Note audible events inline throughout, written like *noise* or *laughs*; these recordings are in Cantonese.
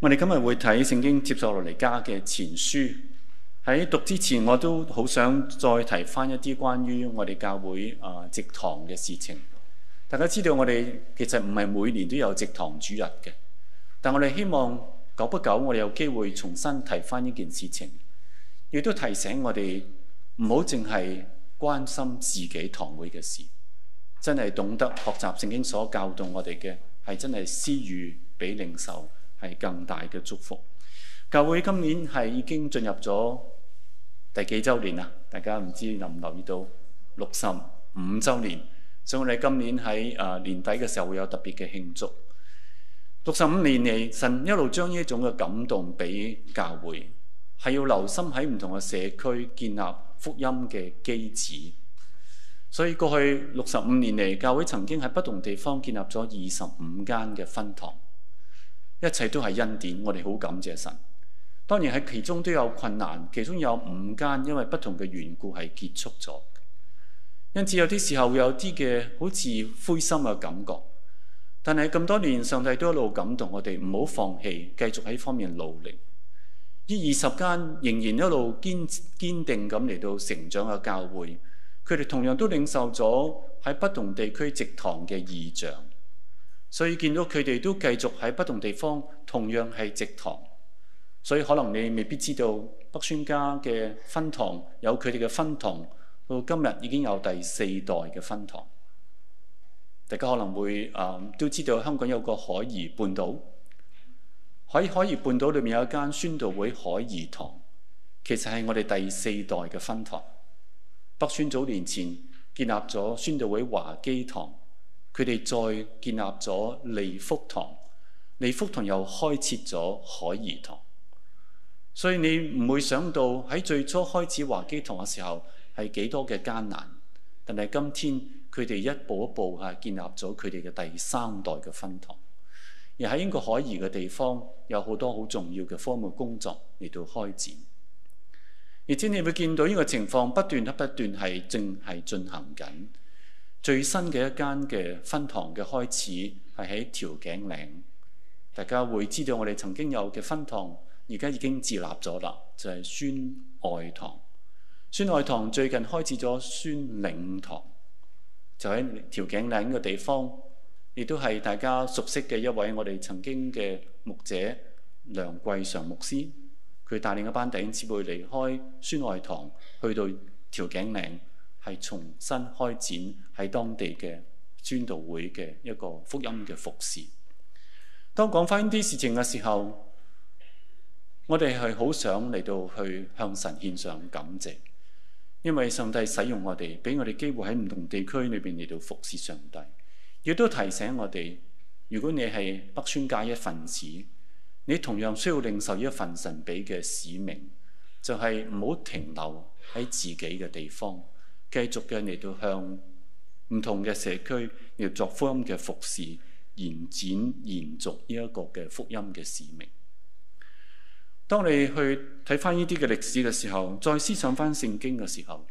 我哋今日會睇聖經帖撒羅尼迦前書，喺讀之前，我都好想再提翻一啲關於我哋教會啊、呃，直堂嘅事情。大家知道，我哋其實唔係每年都有直堂主日嘅，但我哋希望久不久，我哋有機會重新提翻呢件事情，亦都提醒我哋唔好淨係關心自己堂會嘅事，真係懂得學習聖經所教導我哋嘅，係真係施予俾領受。係更大嘅祝福。教會今年係已經進入咗第幾週年啦？大家唔知有冇留意到，六十五週年，所以我哋今年喺誒年底嘅時候會有特別嘅慶祝。六十五年嚟，神一路將呢一種嘅感動俾教會，係要留心喺唔同嘅社區建立福音嘅基址。所以過去六十五年嚟，教會曾經喺不同地方建立咗二十五間嘅分堂。一切都係恩典，我哋好感謝神。當然喺其中都有困難，其中有五間因為不同嘅緣故係結束咗，因此有啲時候會有啲嘅好似灰心嘅感覺。但係咁多年，上帝都一路感動我哋，唔好放棄，繼續喺方面努力。呢二十間仍然一路堅堅定咁嚟到成長嘅教會，佢哋同樣都領受咗喺不同地區植堂嘅異象。所以見到佢哋都繼續喺不同地方，同樣係植堂。所以可能你未必知道北宣家嘅分堂有佢哋嘅分堂，到今日已經有第四代嘅分堂。大家可能會啊、嗯、都知道香港有個海怡半島，喺海怡半島裏面有一間宣道會海怡堂，其實係我哋第四代嘅分堂。北宣早年前建立咗宣道會華基堂。佢哋再建立咗利福堂，利福堂又開設咗海怡堂，所以你唔會想到喺最初開始華基堂嘅時候係幾多嘅艱難。但係今天佢哋一步一步啊建立咗佢哋嘅第三代嘅分堂，而喺英國海怡嘅地方有好多好重要嘅科目工作嚟到開展，而且你會見到呢個情況不斷不斷，係正係進行緊。最新嘅一間嘅分堂嘅開始係喺條頸嶺，大家會知道我哋曾經有嘅分堂，而家已經自立咗啦，就係孫愛堂。孫愛堂最近開始咗孫嶺堂，就喺條頸嶺嘅地方，亦都係大家熟悉嘅一位我哋曾經嘅牧者梁桂常牧師，佢帶領一班弟兄姊妹離開孫愛堂，去到條頸嶺。係重新開展喺當地嘅宣道會嘅一個福音嘅服侍。當講翻啲事情嘅時候，我哋係好想嚟到去向神獻上感謝，因為上帝使用我哋，俾我哋機會喺唔同地區裏邊嚟到服侍上帝。亦都提醒我哋，如果你係北宣界一份子，你同樣需要領受一份神俾嘅使命，就係唔好停留喺自己嘅地方。繼續嘅嚟到向唔同嘅社區嚟作福音嘅服侍，延展延續呢一個嘅福音嘅使命。當你去睇翻呢啲嘅歷史嘅時候，再思想翻聖經嘅時候，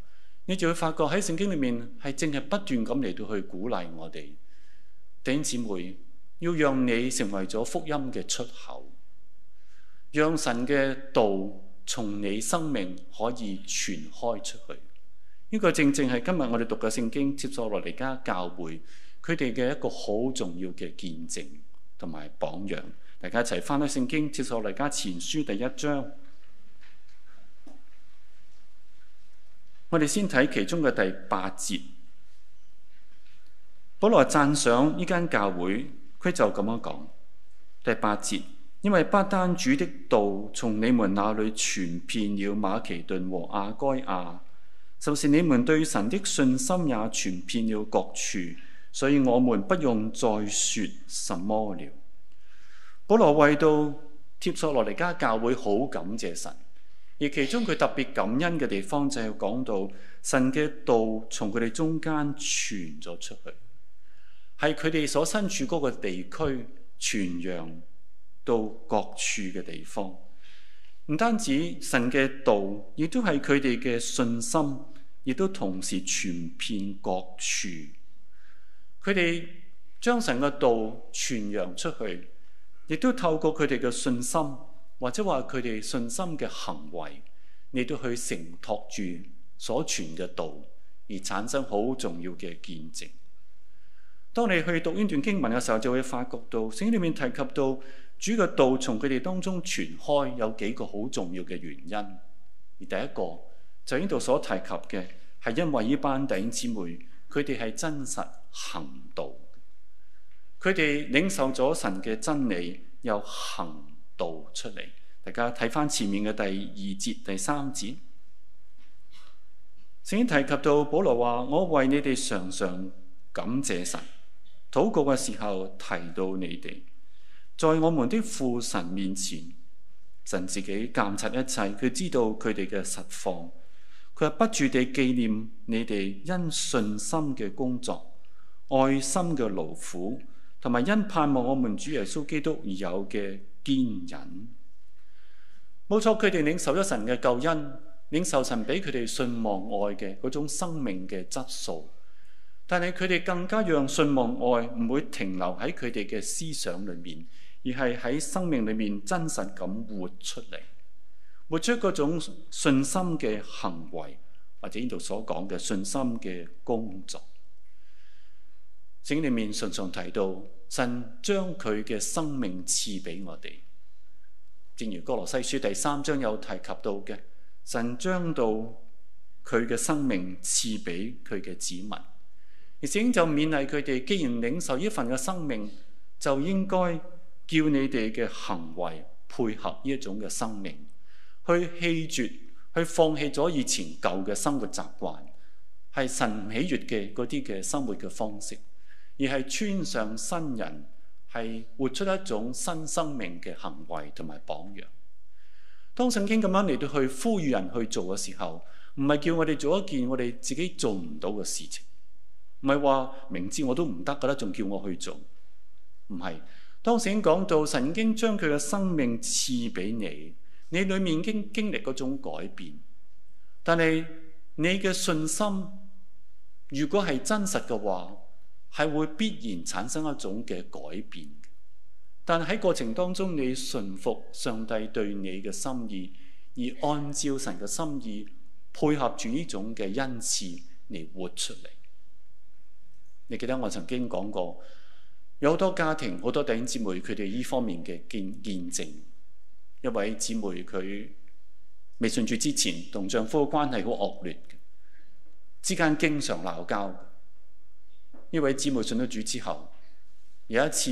你就會發覺喺聖經裏面係淨係不斷咁嚟到去鼓勵我哋，弟兄姊妹，要讓你成為咗福音嘅出口，讓神嘅道從你生命可以傳開出去。呢個正正係今日我哋讀嘅聖經，帖撒羅尼迦教會，佢哋嘅一個好重要嘅見證同埋榜樣。大家一齊翻去聖經，帖撒羅尼迦前書第一章。我哋先睇其中嘅第八節，保羅讚賞呢間教會，佢就咁樣講第八節，因為不單主的道從你們那裏傳遍了馬其頓和亞該亞。就是你們對神的信心也傳遍了各處，所以我們不用再説什麼了。保羅為到帖撒羅尼迦教會好感謝神，而其中佢特別感恩嘅地方就係講到神嘅道從佢哋中間傳咗出去，係佢哋所身處嗰個地區傳揚到各處嘅地方。唔單止神嘅道，亦都係佢哋嘅信心，亦都同時傳遍各處。佢哋將神嘅道傳揚出去，亦都透過佢哋嘅信心，或者話佢哋信心嘅行為，你都去承托住所傳嘅道，而產生好重要嘅見證。當你去讀呢段經文嘅時候，就會發覺到聖經裏面提及到。主嘅道從佢哋當中傳開，有幾個好重要嘅原因。而第一個就呢度所提及嘅，係因為呢班弟兄姊妹佢哋係真實行道，佢哋領受咗神嘅真理，又行道出嚟。大家睇翻前面嘅第二節、第三節，曾經提及到保羅話：我為你哋常常感謝神，禱告嘅時候提到你哋。在我們的父神面前，神自己鑒察一切，佢知道佢哋嘅實況。佢係不住地紀念你哋因信心嘅工作、愛心嘅勞苦，同埋因盼望我們主耶穌基督而有嘅堅忍。冇錯，佢哋領受咗神嘅救恩，領受神俾佢哋信望愛嘅嗰種生命嘅質素。但係佢哋更加讓信望愛唔會停留喺佢哋嘅思想裏面。而係喺生命裏面真實咁活出嚟，活出嗰種信心嘅行為，或者呢度所講嘅信心嘅工作。聖經裏面常常提到，神將佢嘅生命賜俾我哋，正如哥羅西書第三章有提及到嘅，神將到佢嘅生命賜俾佢嘅子民。而聖經就勉勵佢哋，既然領受呢份嘅生命，就應該。叫你哋嘅行為配合呢一種嘅生命，去棄絕，去放棄咗以前舊嘅生活習慣，係神喜悅嘅嗰啲嘅生活嘅方式，而係穿上新人，係活出一種新生命嘅行為同埋榜樣。當聖經咁樣嚟到去呼籲人去做嘅時候，唔係叫我哋做一件我哋自己做唔到嘅事情，唔係話明知我都唔得㗎喇，仲叫我去做，唔係。當時已經講到，神已經將佢嘅生命賜俾你，你裏面已經經歷嗰種改變。但係你嘅信心，如果係真實嘅話，係會必然產生一種嘅改變。但喺過程當中，你順服上帝對你嘅心意，而按照神嘅心意配合住呢種嘅恩賜，你活出嚟。你記得我曾經講過。有好多家庭，好多弟兄姊妹，佢哋依方面嘅見見證。一位姊妹佢未信主之前，同丈夫嘅關係好惡劣，之間經常鬧交。呢位姊妹信咗主之後，有一次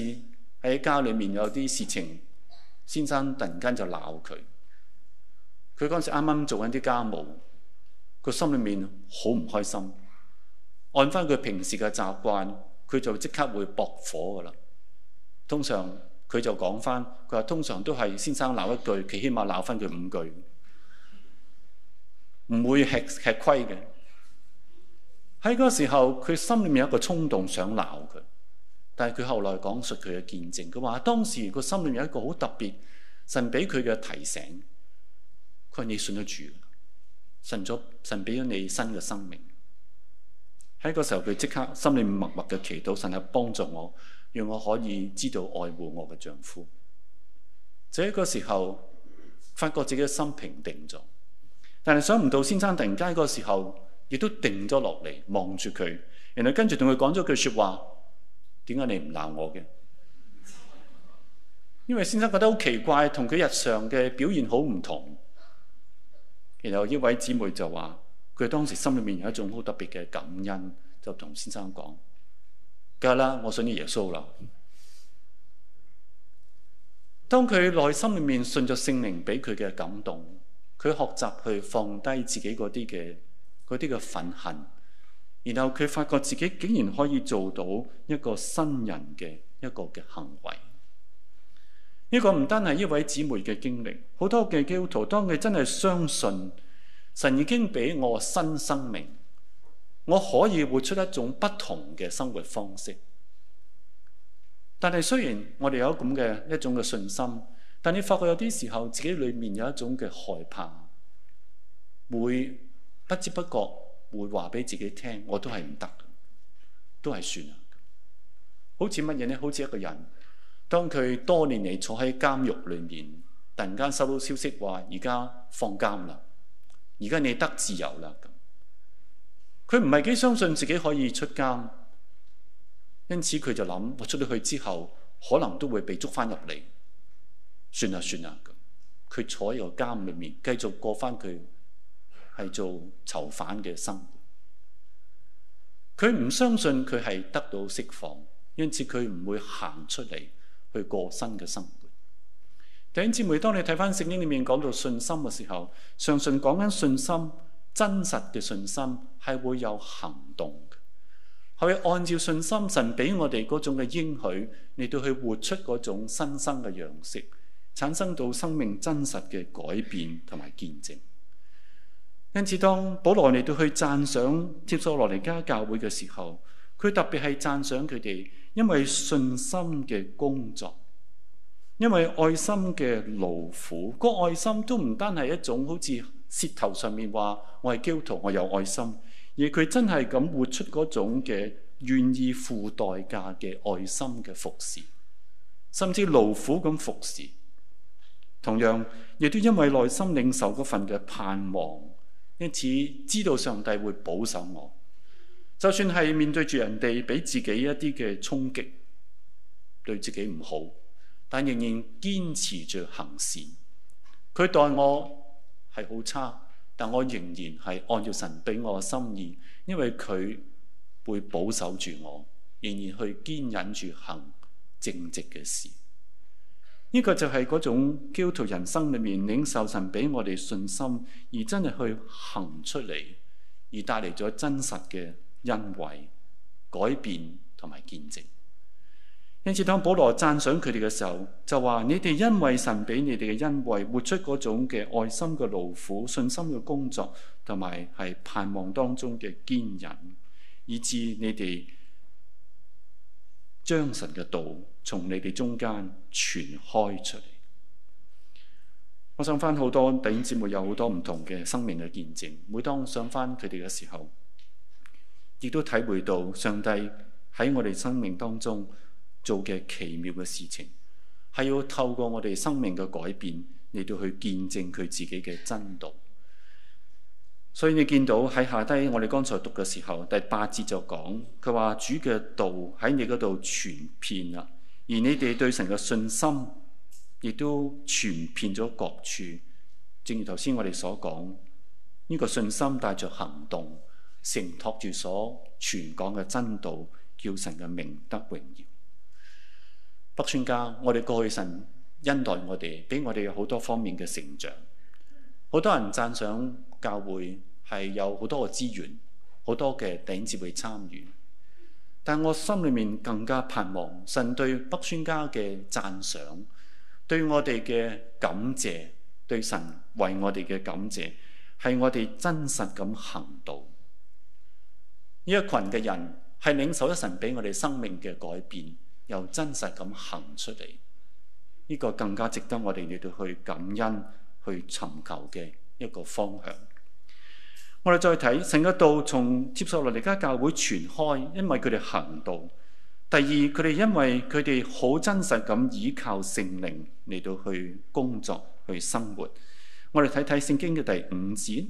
喺家裏面有啲事情，先生突然間就鬧佢。佢嗰陣時啱啱做緊啲家務，個心裏面好唔開心。按翻佢平時嘅習慣。佢就即刻會駁火㗎喇。通常佢就講返，佢話通常都係先生鬧一句，佢起碼鬧返佢五句，唔會吃吃虧嘅。喺嗰時候，佢心裏面有一個衝動想鬧佢，但係佢後來講述佢嘅見證，佢話當時佢心裏面有一個好特別，神俾佢嘅提醒。佢話你信得住，信咗神俾咗你新嘅生命。喺嗰時候，佢即刻心裏默默嘅祈禱，神啊，幫助我，讓我可以知道愛護我嘅丈夫。喺嗰時候，發覺自己嘅心平定咗，但係想唔到先生突然間嗰時候亦都定咗落嚟，望住佢，然後跟住同佢講咗句説話：點解你唔鬧我嘅？因為先生覺得好奇怪，同佢日常嘅表現好唔同。然後一位姊妹就話。佢當時心裏面有一種好特別嘅感恩，就同先生講：梗係啦，我信啲耶穌啦。當佢內心裏面信着聖靈俾佢嘅感動，佢學習去放低自己嗰啲嘅嗰啲嘅憤恨，然後佢發覺自己竟然可以做到一個新人嘅一個嘅行為。呢個唔單係一位姊妹嘅經歷，好多嘅基督徒當佢真係相信。神已經俾我新生命，我可以活出一種不同嘅生活方式。但係雖然我哋有咁嘅一種嘅信心，但你發覺有啲時候自己裏面有一種嘅害怕，會不知不覺會話俾自己聽，我都係唔得，都係算啦。好似乜嘢呢？好似一個人，當佢多年嚟坐喺監獄裏面，突然間收到消息話而家放監啦。而家你得自由啦，佢唔係幾相信自己可以出監，因此佢就諗：我出到去之後，可能都會被捉翻入嚟。算啦算啦，佢坐喺個監裏面，繼續過翻佢係做囚犯嘅生活。佢唔相信佢係得到釋放，因此佢唔會行出嚟去過新嘅生活。因此，每當你睇翻聖經裏面講到信心嘅時候，常常講緊信心，真實嘅信心係會有行動嘅，係會按照信心神，神俾我哋嗰種嘅應許嚟到去活出嗰種新生嘅樣式，產生到生命真實嘅改變同埋見證。因此，當保羅嚟到去讚賞接受羅尼加教會嘅時候，佢特別係讚賞佢哋，因為信心嘅工作。因為愛心嘅勞苦，個愛心都唔單係一種好似舌頭上面話我係基督徒，我有愛心，而佢真係咁活出嗰種嘅願意付代價嘅愛心嘅服侍，甚至勞苦咁服侍。同樣，亦都因為內心領受嗰份嘅盼望，因此知道上帝會保守我，就算係面對住人哋俾自己一啲嘅衝擊，對自己唔好。但仍然堅持住行善，佢待我係好差，但我仍然係按照神俾我嘅心意，因為佢會保守住我，仍然去堅忍住行正直嘅事。呢、這個就係嗰種基督徒人生裏面領受神俾我哋信心，而真係去行出嚟，而帶嚟咗真實嘅恩惠、改變同埋見證。因此，當保羅讚賞佢哋嘅時候，就話：你哋因為神俾你哋嘅恩惠，活出嗰種嘅愛心嘅勞苦、信心嘅工作，同埋係盼望當中嘅堅忍，以致你哋將神嘅道從你哋中間傳開出嚟。我想翻好多弟兄姊妹，有好多唔同嘅生命嘅見證，每當我想翻佢哋嘅時候，亦都體會到上帝喺我哋生命當中。做嘅奇妙嘅事情，係要透過我哋生命嘅改變嚟到去見證佢自己嘅真道。所以你見到喺下低，我哋剛才讀嘅時候第八節就講，佢話主嘅道喺你嗰度傳遍啦，而你哋對神嘅信心亦都傳遍咗各處。正如頭先我哋所講，呢、這個信心帶着行動，承托住所傳講嘅真道，叫神嘅名得榮耀。北宣家，我哋過去神恩待我哋，俾我哋有好多方面嘅成長。好多人讚賞教會係有好多嘅資源，好多嘅頂節會參與。但我心裏面更加盼望神對北宣家嘅讚賞，對我哋嘅感謝，對神為我哋嘅感謝，係我哋真實咁行動。呢一群嘅人係領受一神俾我哋生命嘅改變。又真實咁行出嚟，呢、這個更加值得我哋嚟到去感恩、去尋求嘅一個方向。我哋再睇聖經嘅道，從帖撒羅尼迦教會傳開，因為佢哋行道。第二，佢哋因為佢哋好真實咁依靠聖靈嚟到去工作、去生活。我哋睇睇聖經嘅第五節。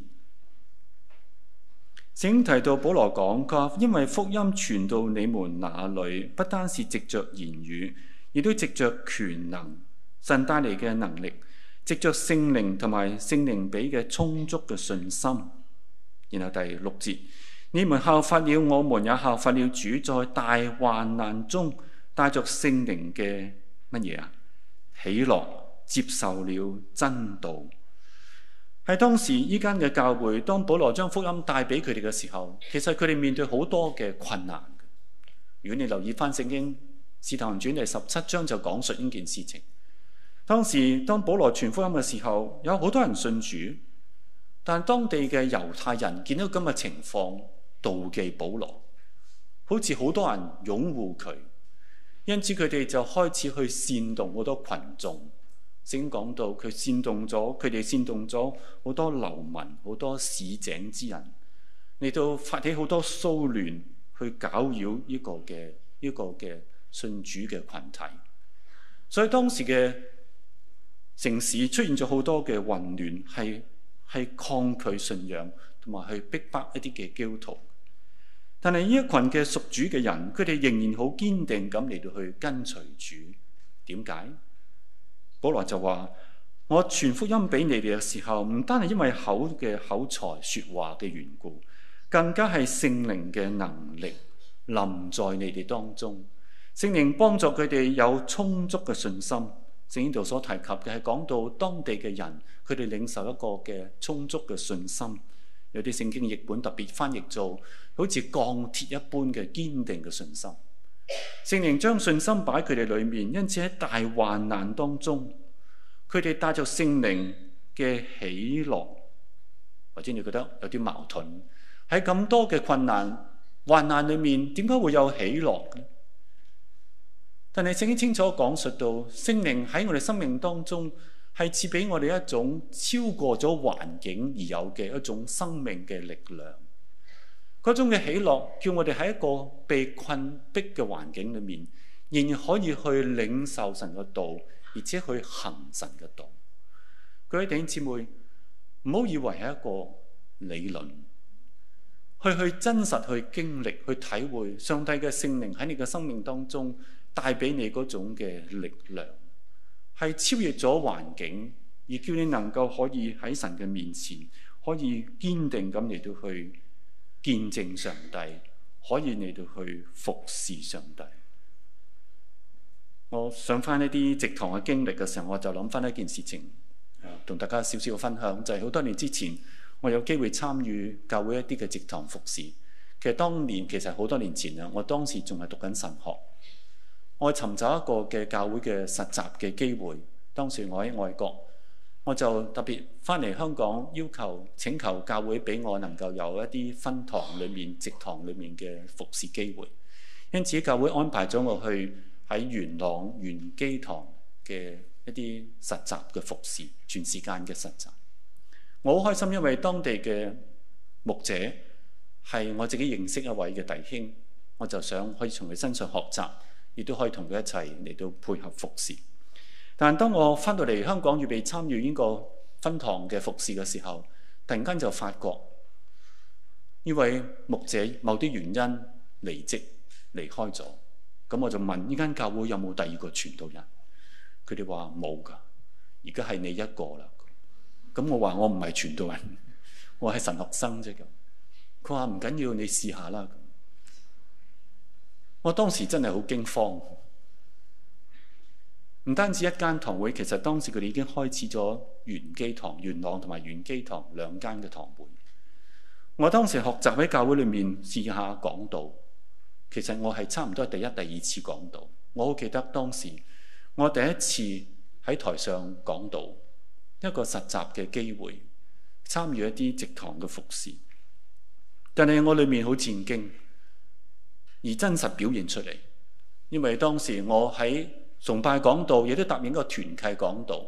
聖經提到保羅講，佢話因為福音傳到你們那裏，不單是藉着言語，亦都藉着權能，神帶嚟嘅能力，藉着聖靈同埋聖靈俾嘅充足嘅信心。然後第六節，你們效法了我們，也效法了主，在大患難中帶着聖靈嘅乜嘢啊？喜樂，接受了真道。喺當時依間嘅教會，當保羅將福音帶俾佢哋嘅時候，其實佢哋面對好多嘅困難。如果你留意翻聖經《使徒行傳》第十七章，就講述呢件事情。當時當保羅傳福音嘅時候，有好多人信主，但當地嘅猶太人見到咁嘅情況，妒忌保羅，好似好多人擁護佢，因此佢哋就開始去煽動好多群眾。先講到佢煽動咗，佢哋煽動咗好多流民、好多市井之人，嚟到發起好多騷亂，去攪擾呢個嘅呢個嘅信主嘅群體。所以當時嘅城市出現咗好多嘅混亂，係係抗拒信仰同埋去逼迫一啲嘅基督徒。但係呢一群嘅屬主嘅人，佢哋仍然好堅定咁嚟到去跟隨主。點解？本來就話：我傳福音俾你哋嘅時候，唔單係因為口嘅口才説話嘅緣故，更加係聖靈嘅能力臨在你哋當中。聖靈幫助佢哋有充足嘅信心。聖經度所提及嘅係講到當地嘅人，佢哋領受一個嘅充足嘅信心。有啲聖經譯本特別翻譯做好似鋼鐵一般嘅堅定嘅信心。聖靈將信心擺佢哋裏面，因此喺大患難當中，佢哋帶住聖靈嘅喜樂，或者你覺得有啲矛盾喺咁多嘅困難、患難裏面，點解會有喜樂呢？但係聖經清楚講述到，聖靈喺我哋生命當中，係賜俾我哋一種超過咗環境而有嘅一種生命嘅力量。嗰種嘅喜樂，叫我哋喺一個被困逼嘅環境裏面，仍然可以去領受神嘅道，而且去行神嘅道。各位弟兄姊妹，唔好以為係一個理論，去去真實去經歷去體會上帝嘅聖靈喺你嘅生命當中帶俾你嗰種嘅力量，係超越咗環境，而叫你能夠可以喺神嘅面前，可以堅定咁嚟到去。見證上帝可以你哋去服侍上帝。我上翻一啲直堂嘅經歷嘅時候，我就諗翻一件事情，同大家少少嘅分享，就係好多年之前，我有機會參與教會一啲嘅直堂服侍。其實當年，其實好多年前啦，我當時仲係讀緊神學，我尋找一個嘅教會嘅實習嘅機會。當時我喺外國。我就特別返嚟香港，要求請求教會俾我能夠有一啲分堂裏面、直堂裏面嘅服侍機會。因此教會安排咗我去喺元朗元基堂嘅一啲實習嘅服侍，全時間嘅實習。我好開心，因為當地嘅牧者係我自己認識一位嘅弟兄，我就想可以從佢身上學習，亦都可以同佢一齊嚟到配合服侍。但當我返到嚟香港，預備參與呢個分堂嘅服侍嘅時候，突然間就發覺呢位牧者某啲原因離職離開咗。咁我就問呢間教會有冇第二個傳道人，佢哋話冇㗎，而家係你一個啦。咁我話我唔係傳道人，我係神學生啫。咁佢話唔緊要，你試下啦。咁我當時真係好驚慌。唔單止一間堂會，其實當時佢哋已經開始咗元基堂、元朗同埋元基堂兩間嘅堂會。我當時學習喺教會裏面試下講道，其實我係差唔多係第一、第二次講道。我好記得當時我第一次喺台上講道一個實習嘅機會，參與一啲植堂嘅服侍。但係我裏面好戰兢，而真實表現出嚟，因為當時我喺崇拜講道，亦都答應個團契講道，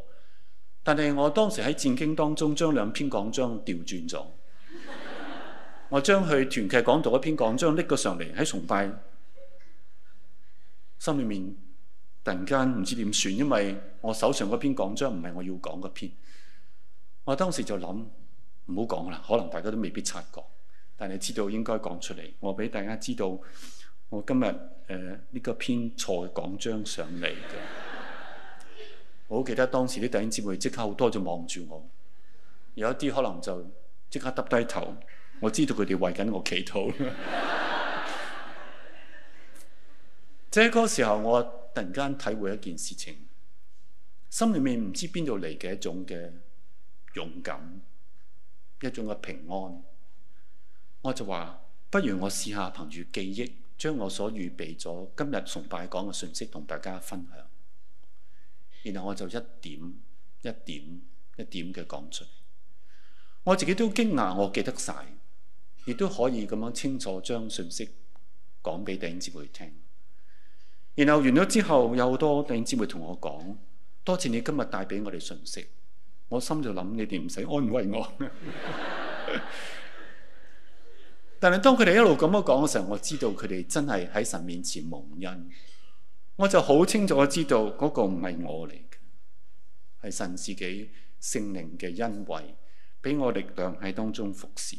但係我當時喺戰經當中將兩篇講章調轉咗。我將去團契講道嗰篇講章拎咗上嚟喺崇拜心裏面，突然間唔知點算，因為我手上嗰篇講章唔係我要講嗰篇。我當時就諗唔好講啦，可能大家都未必察覺，但係知道應該講出嚟，我俾大家知道。我今日誒呢、呃這個篇錯嘅講章上嚟嘅。我好記得當時啲弟兄姊妹即刻好多就望住我，有一啲可能就即刻耷低頭。我知道佢哋為緊我祈禱。 *laughs* *laughs* 即係嗰個時候，我突然間體會一件事情，心裡面唔知邊度嚟嘅一種嘅勇敢，一種嘅平安。我就話：不如我試下憑住記憶。將我所預備咗今日崇拜講嘅信息同大家分享，然後我就一點一點一點嘅講出嚟。我自己都驚訝，我記得晒，亦都可以咁樣清楚將信息講俾弟兄姊妹聽。然後完咗之後，有好多弟兄姊妹同我講：多謝你今日帶俾我哋信息。我心就諗：你哋唔使安慰我。 *laughs* 但係當佢哋一路咁樣講嘅時候，我知道佢哋真係喺神面前蒙恩，我就好清楚知道嗰個唔係我嚟嘅，係神自己聖靈嘅恩惠俾我力量喺當中服侍。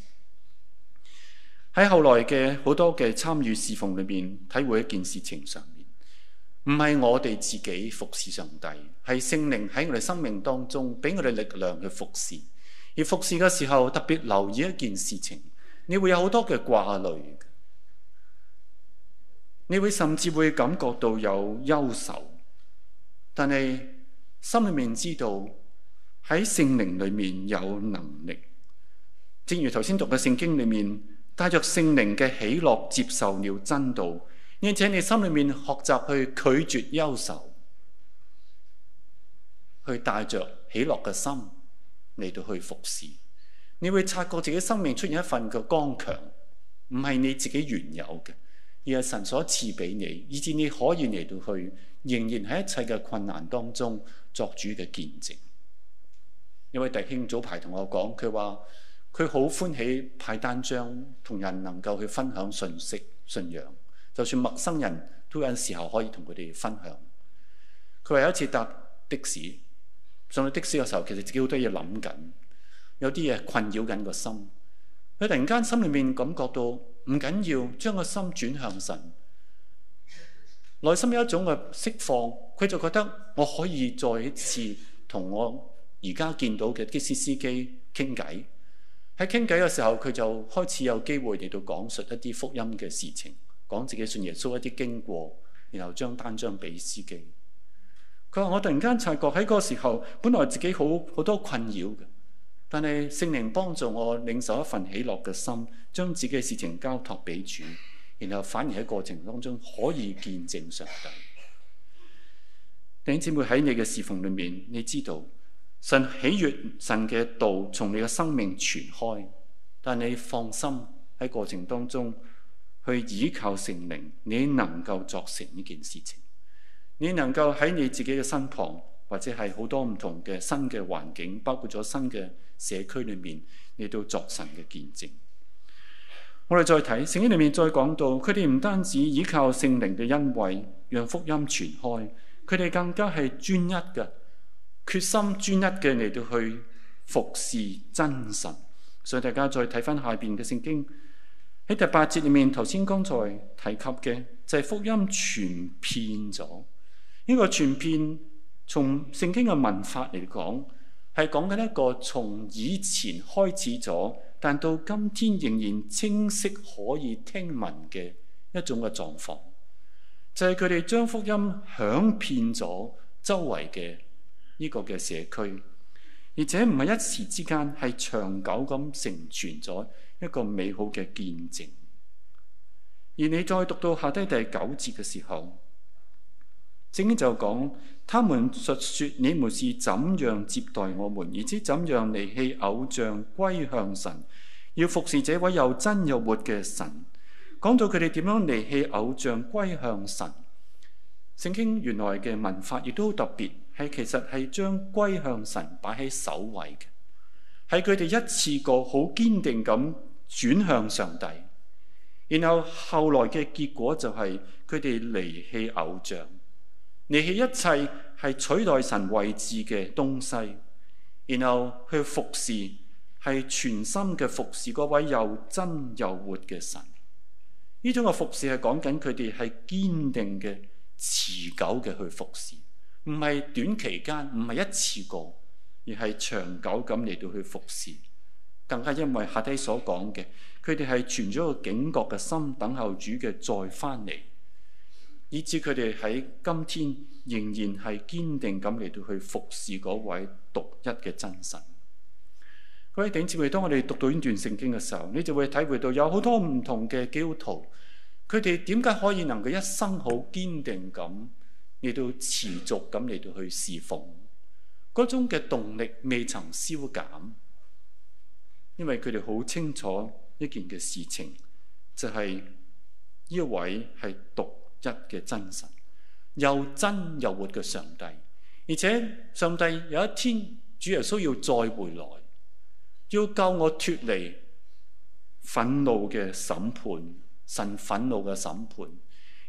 喺後來嘅好多嘅參與侍奉裏面，體會一件事情上面，唔係我哋自己服侍上帝，係聖靈喺我哋生命當中俾我哋力量去服侍。而服侍嘅時候，特別留意一件事情。你會有好多嘅掛慮，你會甚至會感覺到有憂愁，但係心裏面知道喺聖靈裏面有能力，正如頭先讀嘅聖經裏面，帶着聖靈嘅喜樂接受了真道，而且你心裏面學習去拒絕憂愁，去帶着喜樂嘅心嚟到去服侍。你會察覺自己生命出現一份嘅剛強，唔係你自己原有嘅，而係神所賜俾你，以致你可以嚟到去，仍然喺一切嘅困難當中作主嘅見證。有位弟兄早排同我講，佢話佢好歡喜派單張，同人能夠去分享信息、信仰，就算陌生人都有時候可以同佢哋分享。佢話有一次搭的士，上到的士嘅時候，其實自己好多嘢諗緊。有啲嘢困擾緊個心，佢突然間心裏面感覺到唔緊要，將個心轉向神，內心有一種嘅釋放，佢就覺得我可以再一次同我而家見到嘅的士司機傾偈。喺傾偈嘅時候，佢就開始有機會嚟到講述一啲福音嘅事情，講自己信耶穌一啲經過，然後將單張俾司機。佢話：我突然間察覺喺嗰個時候，本來自己好好多困擾嘅。但係聖靈幫助我領受一份喜樂嘅心，將自己嘅事情交託俾主，然後反而喺過程當中可以見證上帝。弟兄姊妹，喺你嘅侍奉裏面，你知道神喜悅神嘅道從你嘅生命傳開，但你放心，喺過程當中去倚靠聖靈，你能夠作成呢件事情，你能夠喺你自己嘅身旁。或者係好多唔同嘅新嘅環境，包括咗新嘅社區裏面嚟到作神嘅見證。我哋再睇聖經裏面再講到，佢哋唔單止依靠聖靈嘅恩惠，讓福音傳開，佢哋更加係專一嘅決心，專一嘅嚟到去服侍真神。所以大家再睇翻下邊嘅聖經喺第八節裏面，頭先剛才提及嘅就係、是、福音傳遍咗呢個傳遍。從聖經嘅文法嚟講，係講緊一個從以前開始咗，但到今天仍然清晰可以聽聞嘅一種嘅狀況，就係佢哋將福音響遍咗周圍嘅呢個嘅社區，而且唔係一時之間，係長久咁成全咗一個美好嘅見證。而你再讀到下低第九節嘅時候。聖經就講，他們述說你們是怎樣接待我們，以及怎樣離棄偶像歸向神，要服侍這位又真又活嘅神。講到佢哋點樣離棄偶像歸向神，聖經原來嘅文法亦都好特別係，其實係將歸向神擺喺首位嘅，係佢哋一次過好堅定咁轉向上帝，然後後來嘅結果就係佢哋離棄偶像。離棄一切係取代神位置嘅東西，然後去服侍，係全心嘅服侍嗰位又真又活嘅神。呢種嘅服侍係講緊佢哋係堅定嘅、持久嘅去服侍，唔係短期間，唔係一次過，而係長久咁嚟到去服侍。更加因為下低所講嘅，佢哋係存咗個警覺嘅心等候主嘅再翻嚟。以至佢哋喺今天仍然係堅定咁嚟到去服侍嗰位獨一嘅真神。各位頂住，當我哋讀到呢段聖經嘅時候，你就會體會到有好多唔同嘅基督徒，佢哋點解可以能夠一生好堅定咁嚟到持續咁嚟到去侍奉？嗰種嘅動力未曾消減，因為佢哋好清楚一件嘅事情，就係呢一位係獨。一嘅真神，又真又活嘅上帝，而且上帝有一天，主耶穌要再回來，要救我脫離憤怒嘅審判，神憤怒嘅審判，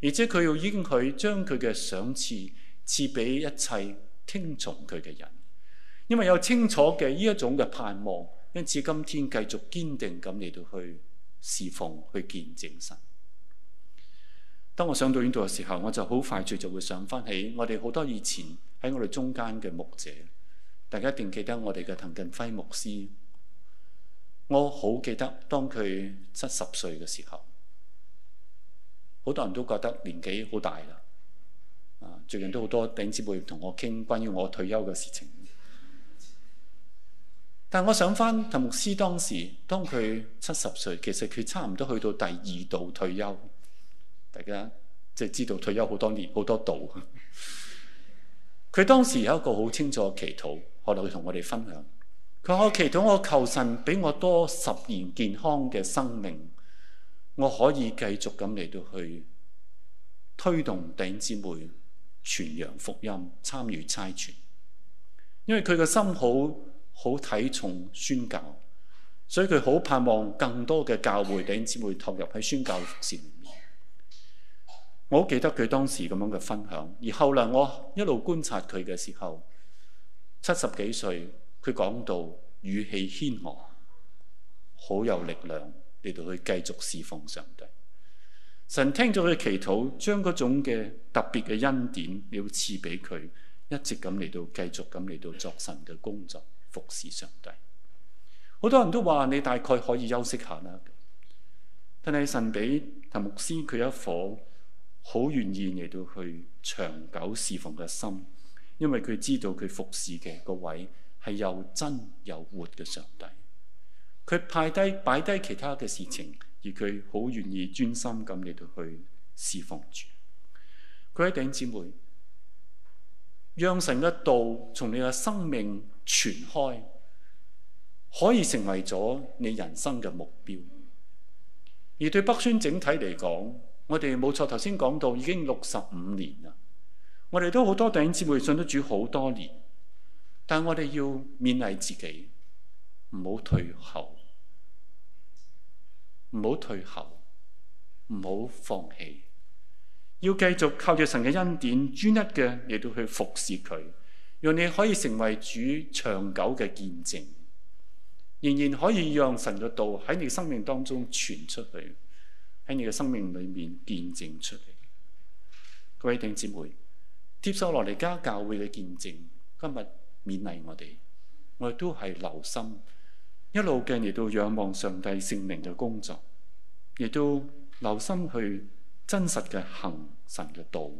而且佢要應許將佢嘅賞賜賜俾一切聽從佢嘅人，因為有清楚嘅呢一種嘅盼望，因此今天繼續堅定咁嚟到去侍奉，去見證神。當我上到呢度嘅時候，我就好快脆就會想翻起我哋好多以前喺我哋中間嘅牧者，大家一定記得我哋嘅滕近輝牧師。我好記得當佢七十歲嘅時候，好多人都覺得年紀好大啦。最近都好多頂知輩同我傾關於我退休嘅事情。但我想翻滕牧師當時，當佢七十歲，其實佢差唔多去到第二度退休。大家即係知道退休好多年好多度。佢 *laughs* 當時有一個好清楚嘅祈禱，後來佢同我哋分享。佢話，我祈禱，我求神俾我多十年健康嘅生命，我可以繼續咁嚟到去推動弟兄姊妹傳揚福音，參與差傳，因為佢嘅心好好睇重宣教，所以佢好盼望更多嘅教會弟兄姊妹投入喺宣教服侍。我好記得佢當時咁樣嘅分享，而後嚟我一路觀察佢嘅時候，七十幾歲，佢講到語氣軒昂，好有力量嚟到去繼續侍奉上帝。神聽咗佢嘅祈禱，將嗰種嘅特別嘅恩典要賜俾佢，一直咁嚟到繼續咁嚟到作神嘅工作服侍上帝。好多人都話你大概可以休息下啦，但係神俾譚牧師佢一伙。好願意嚟到去長久侍奉嘅心，因為佢知道佢服侍嘅個位係又真又活嘅上帝。佢派低擺低其他嘅事情，而佢好願意專心咁嚟到去侍奉住佢。喺弟兄姊妹，讓神嘅道從你嘅生命傳開，可以成為咗你人生嘅目標。而對北宣整體嚟講，我哋冇錯，頭先講到已經六十五年啦。我哋都好多弟兄姊妹信咗主好多年，但我哋要勉勵自己，唔好退後，唔好退後，唔好放棄，要繼續靠住神嘅恩典，專一嘅亦都去服侍佢，讓你可以成為主長久嘅見證，仍然可以讓神嘅道喺你生命當中傳出去。喺你嘅生命裏面見證出嚟。各位弟兄姊妹，接受羅尼迦教會嘅見證，今日勉勵我哋，我哋都係留心一路嘅嚟到仰望上帝聖靈嘅工作，亦都留心去真實嘅行神嘅道，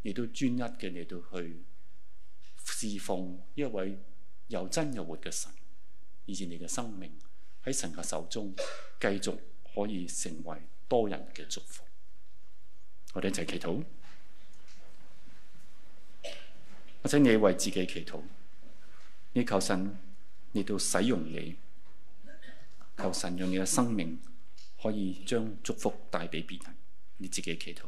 亦都專一嘅嚟到去侍奉一位又真又活嘅神，以致你嘅生命喺神嘅手中繼續可以成為。多人嘅祝福，我哋一齊祈禱。我請你為自己祈禱，你求神你都使用你，求神用你嘅生命可以將祝福帶俾別人。你自己祈禱。